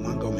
Montgomery.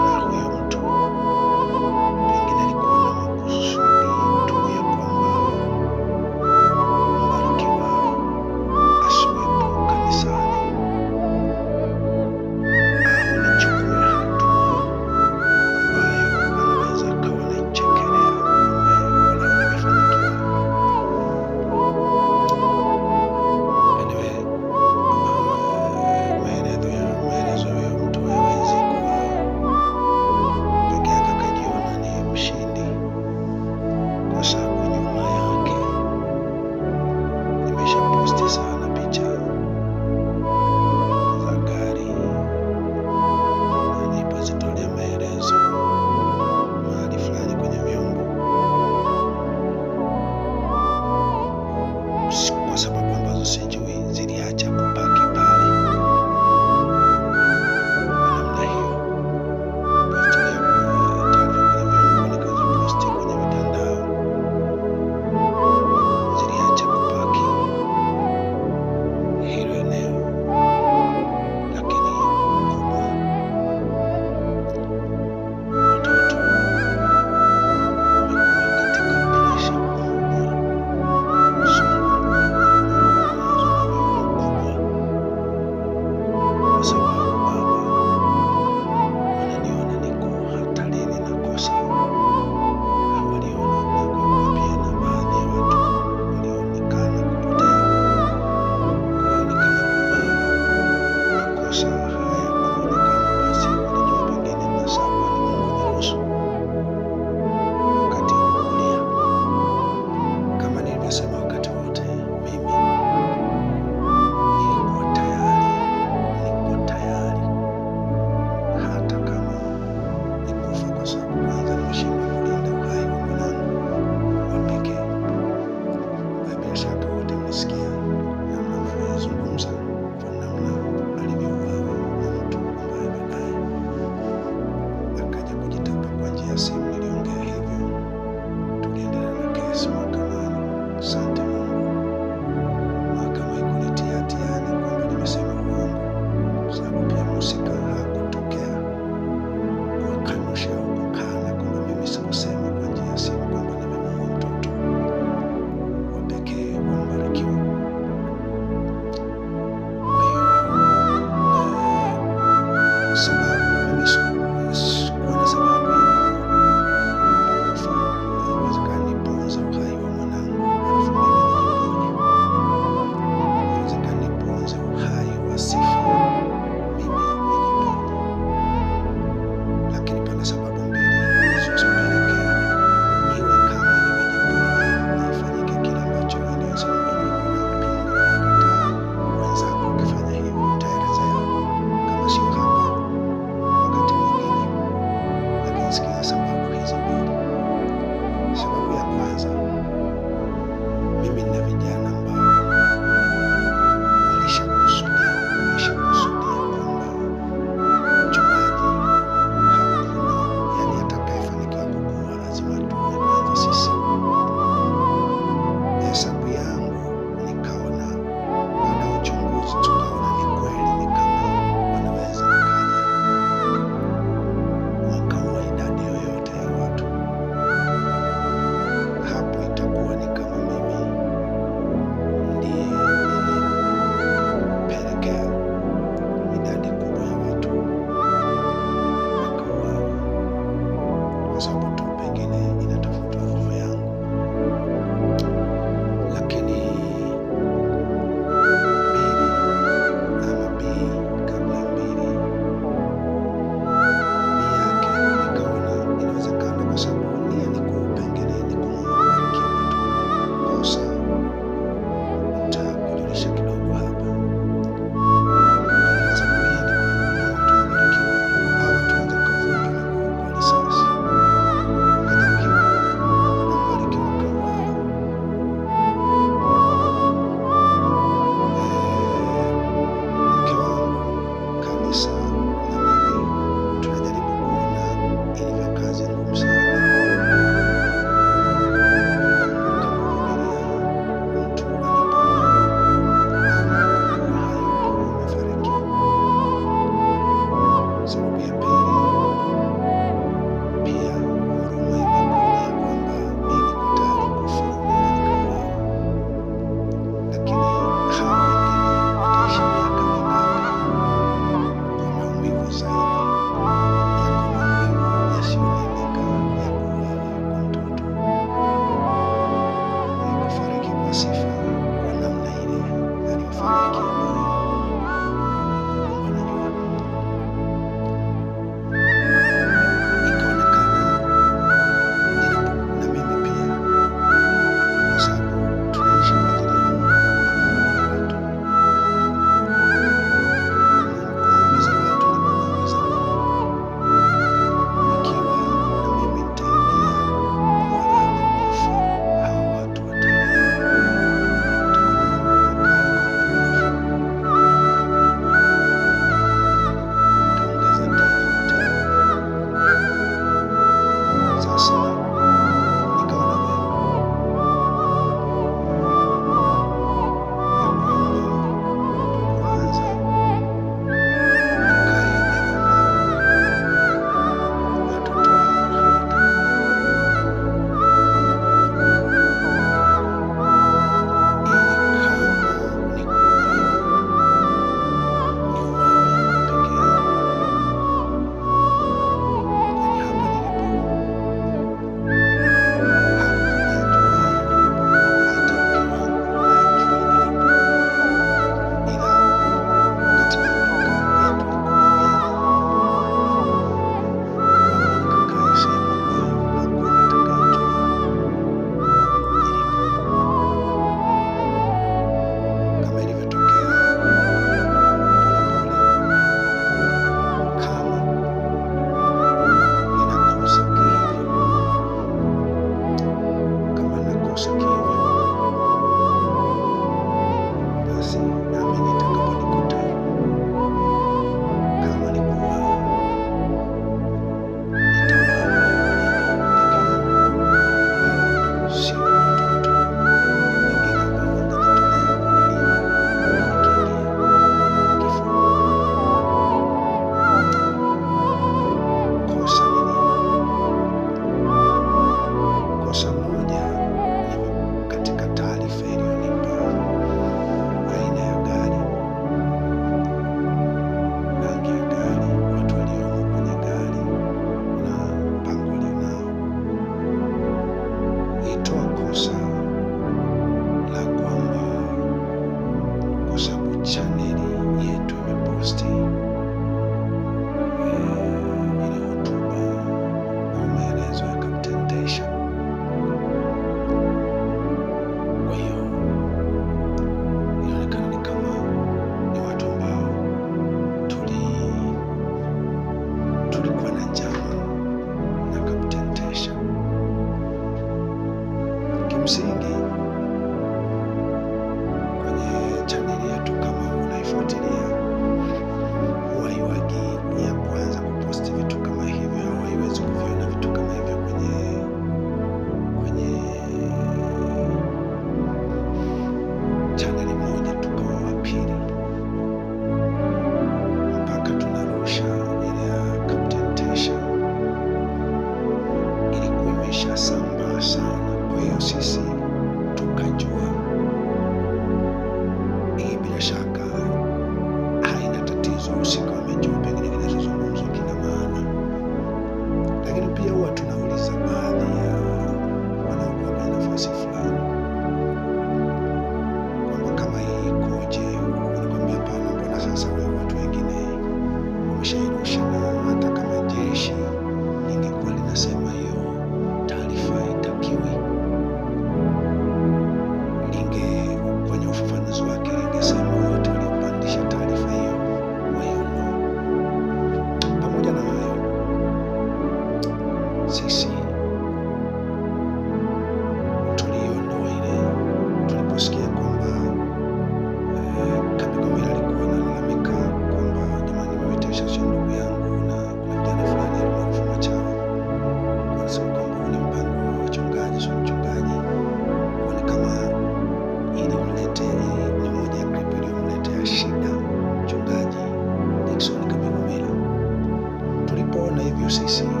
mercy seat.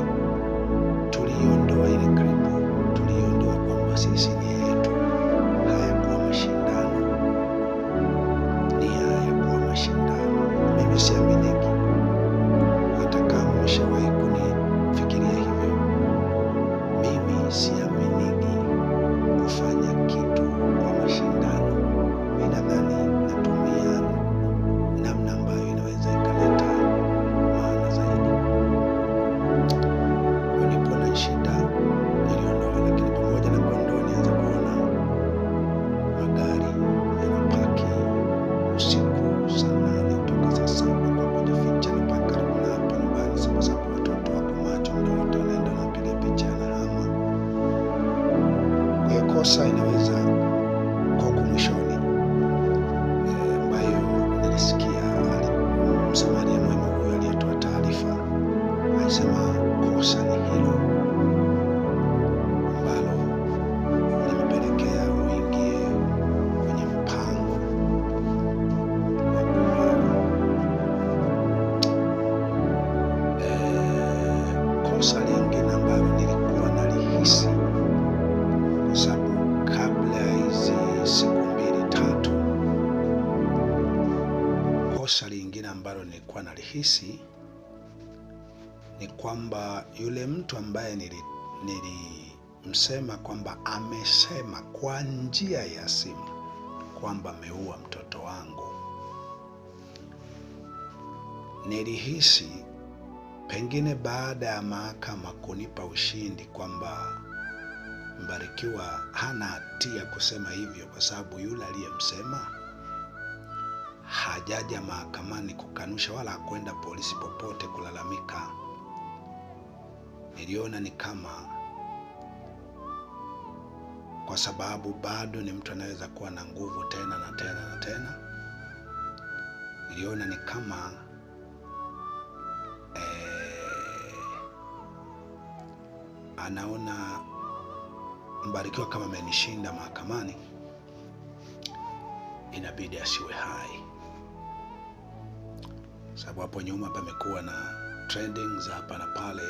sign ni kwamba yule mtu ambaye nili, nilimsema kwamba amesema kwa njia ya simu kwamba ameua mtoto wangu, nilihisi pengine baada ya mahakama kunipa ushindi kwamba Mbarikiwa hana hatia kusema hivyo, kwa sababu yule aliyemsema hajaja mahakamani kukanusha wala kwenda polisi popote kulalamika niliona ni kama kwa sababu bado ni mtu anaweza kuwa na nguvu tena na tena na tena, niliona ni kama eh, anaona Mbarikiwa kama amenishinda mahakamani, inabidi asiwe hai, sababu hapo nyuma pamekuwa na trending za hapa na pale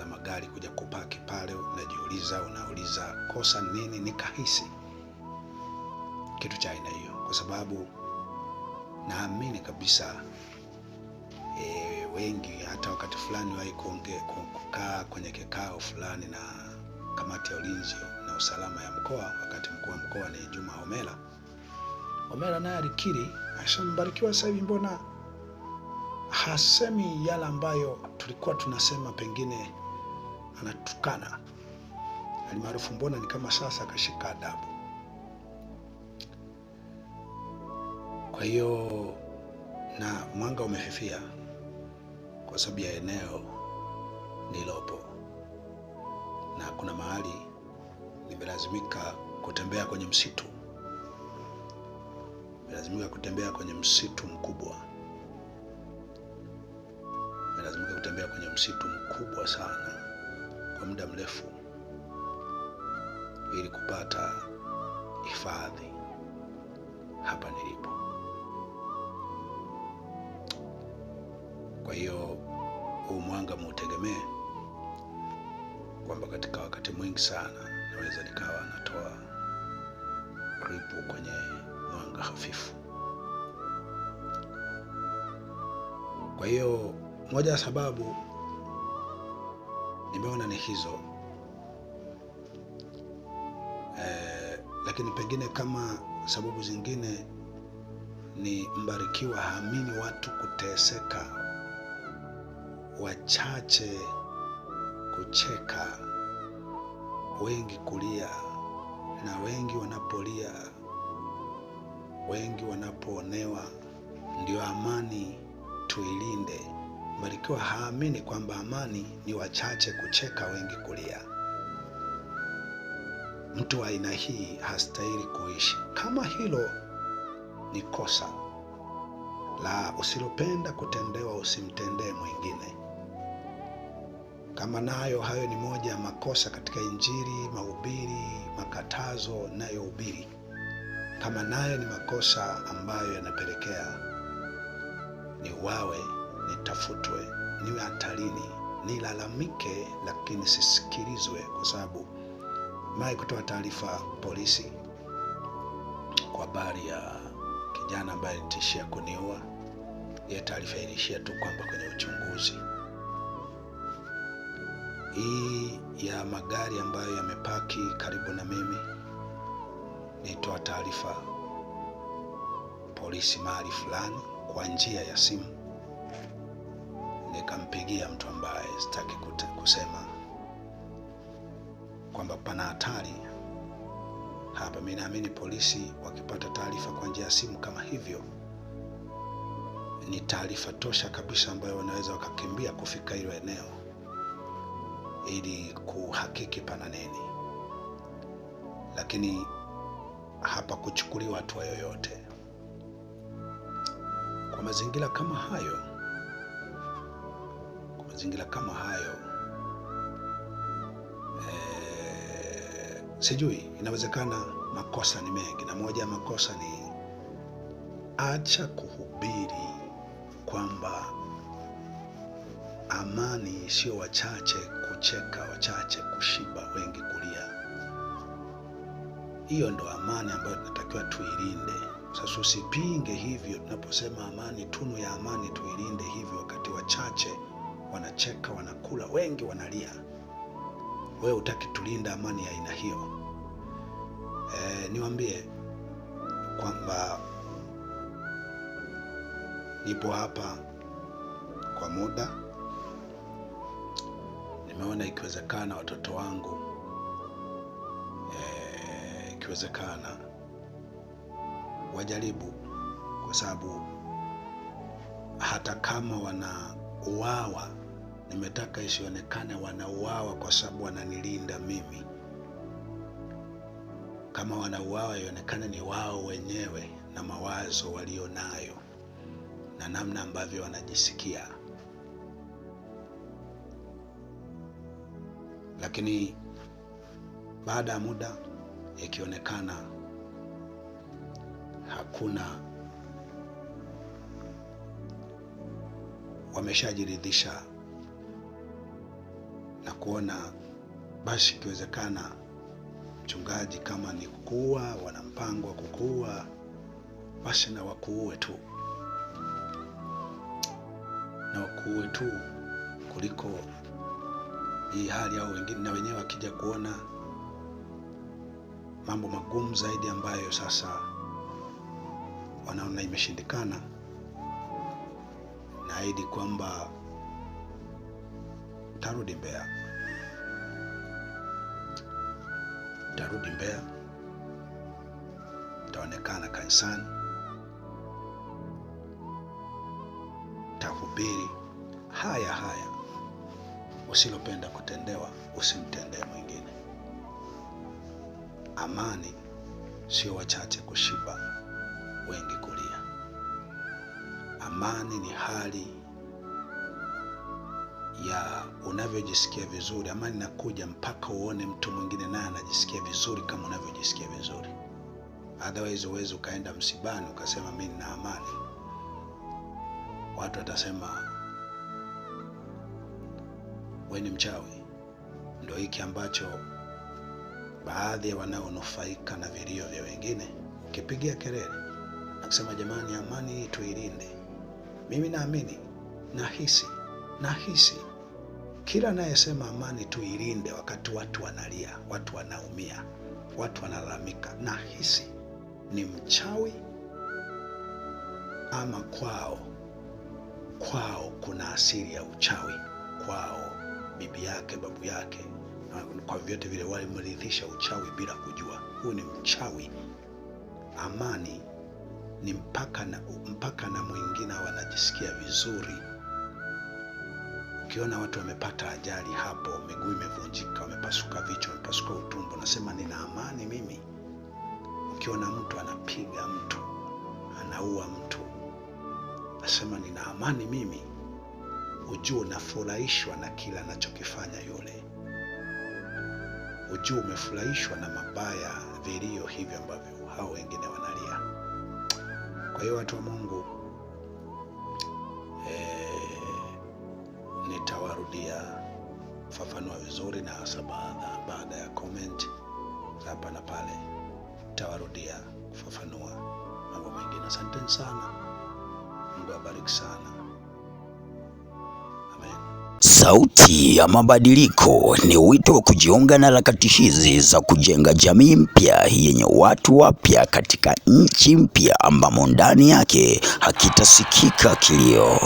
za magari kuja kupaki pale, unajiuliza, unauliza kosa nini? Nikahisi kitu cha aina hiyo, kwa sababu naamini kabisa e, wengi hata wakati fulani wahi kukaa kwenye kikao fulani na kamati ya ulinzi na usalama ya mkoa, wakati mkuu wa mkoa ni Juma Homera. Homera naye alikiri, ashambarikiwa sasa hivi, mbona hasemi yale ambayo tulikuwa tunasema pengine anatukana alimaarufu, mbona ni kama sasa akashika adabu. Kwa hiyo na mwanga umefifia kwa sababu ya eneo nilopo, na kuna mahali nimelazimika kutembea kwenye msitu, nimelazimika kutembea kwenye msitu mkubwa, nimelazimika kutembea kwenye msitu mkubwa sana kwa muda mrefu ili kupata hifadhi hapa nilipo. Kwa hiyo huu mwanga muutegemee kwamba katika wakati mwingi sana naweza nikawa natoa klipu kwenye mwanga hafifu. Kwa hiyo moja ya sababu nimeona ni hizo e, lakini pengine kama sababu zingine ni Mbarikiwa haamini watu kuteseka, wachache kucheka, wengi kulia, na wengi wanapolia, wengi wanapoonewa, ndio amani tuilinde. Mbarikiwa haamini kwamba amani ni wachache kucheka, wengi kulia. Mtu wa aina hii hastahili kuishi. Kama hilo ni kosa la usilopenda kutendewa, usimtendee mwingine. Kama nayo hayo ni moja ya makosa katika Injili, mahubiri, makatazo nayohubiri, kama nayo ni makosa ambayo yanapelekea ni wawe nitafutwe, niwe hatarini, nilalamike, lakini sisikilizwe, kwa sababu mai kutoa taarifa polisi kwa habari ya kijana ambaye alitishia kuniua. Hiyo taarifa ilishia tu kwamba kwenye uchunguzi. Hii ya magari ambayo yamepaki karibu na mimi, nitoa taarifa polisi mahali fulani kwa njia ya simu nikampigia mtu ambaye sitaki kusema kwamba pana hatari hapa. Mimi naamini polisi wakipata taarifa kwa njia ya simu kama hivyo, ni taarifa tosha kabisa ambayo wanaweza wakakimbia kufika hilo eneo ili kuhakiki pana nini, lakini hapakuchukuliwa hatua yoyote kwa mazingira kama hayo mazingira kama hayo eh, sijui inawezekana makosa ni mengi, na moja ya makosa ni acha kuhubiri kwamba amani sio wachache kucheka, wachache kushiba, wengi kulia. Hiyo ndo amani ambayo tunatakiwa tuilinde. Sasa usipinge hivyo tunaposema amani, tunu ya amani tuilinde hivyo, wakati wachache wanacheka, wanakula, wengi wanalia. Wewe utaki tulinda amani ya aina hiyo? E, niwaambie kwamba nipo hapa kwa muda, nimeona ikiwezekana watoto wangu e, ikiwezekana wajaribu, kwa sababu hata kama wanauawa Nimetaka isionekane wanauawa kwa sababu wananilinda mimi. Kama wanauawa, ionekane ni wao wenyewe na mawazo walio nayo na namna ambavyo wanajisikia. Lakini baada ya muda, ikionekana hakuna, wameshajiridhisha na kuona basi ikiwezekana mchungaji, kama ni kukuua, wana mpango wa kukuua, basi na wakuue tu, na wakuue tu kuliko hii hali au wengine na wenyewe wakija kuona mambo magumu zaidi ambayo sasa wanaona imeshindikana. Naahidi kwamba ntarudi Mbeya, tarudi Mbeya, taonekana kanisani, tahubiri haya haya, usilopenda kutendewa usimtendee mwingine. Amani sio wachache kushiba, wengi kulia. Amani ni hali ya unavyojisikia vizuri. Amani ninakuja mpaka uone mtu mwingine naye anajisikia vizuri kama unavyojisikia vizuri. Otherwise uwezi ukaenda msibani ukasema mi nina amani. Watu watasema we ni mchawi. Ndo hiki ambacho baadhi ya wanaonufaika na vilio vya wengine ukipigia kelele na kusema jamani, amani hii tuilinde. Mimi naamini, nahisi, nahisi kila anayesema amani tuilinde, wakati watu wanalia, watu wanaumia, watu wanalalamika, hisi ni mchawi ama kwao kwao kuna asili ya uchawi kwao, bibi yake, babu yake, kwa vyote vile walimrithisha uchawi bila kujua. huu ni mchawi. Amani ni mpaka na, mpaka na mwingine wanajisikia vizuri Ukiona watu wamepata ajali hapo, miguu imevunjika, wamepasuka vichwa, wamepasuka utumbo, nasema nina amani mimi. Ukiona mtu anapiga mtu, anaua mtu, nasema nina amani mimi, ujuu unafurahishwa na kila anachokifanya yule, ujuu umefurahishwa na mabaya, vilio hivyo ambavyo hao wengine wanalia. Kwa hiyo watu wa Mungu kurudia fafanua vizuri, na hasa baada ya comment hapa na pale, tawarudia kufafanua mambo mengine. Asanteni sana, Mungu abariki sana. Sauti ya Mabadiliko ni wito wa kujiunga na harakati hizi za kujenga jamii mpya yenye watu wapya katika nchi mpya ambamo ndani yake hakitasikika kilio.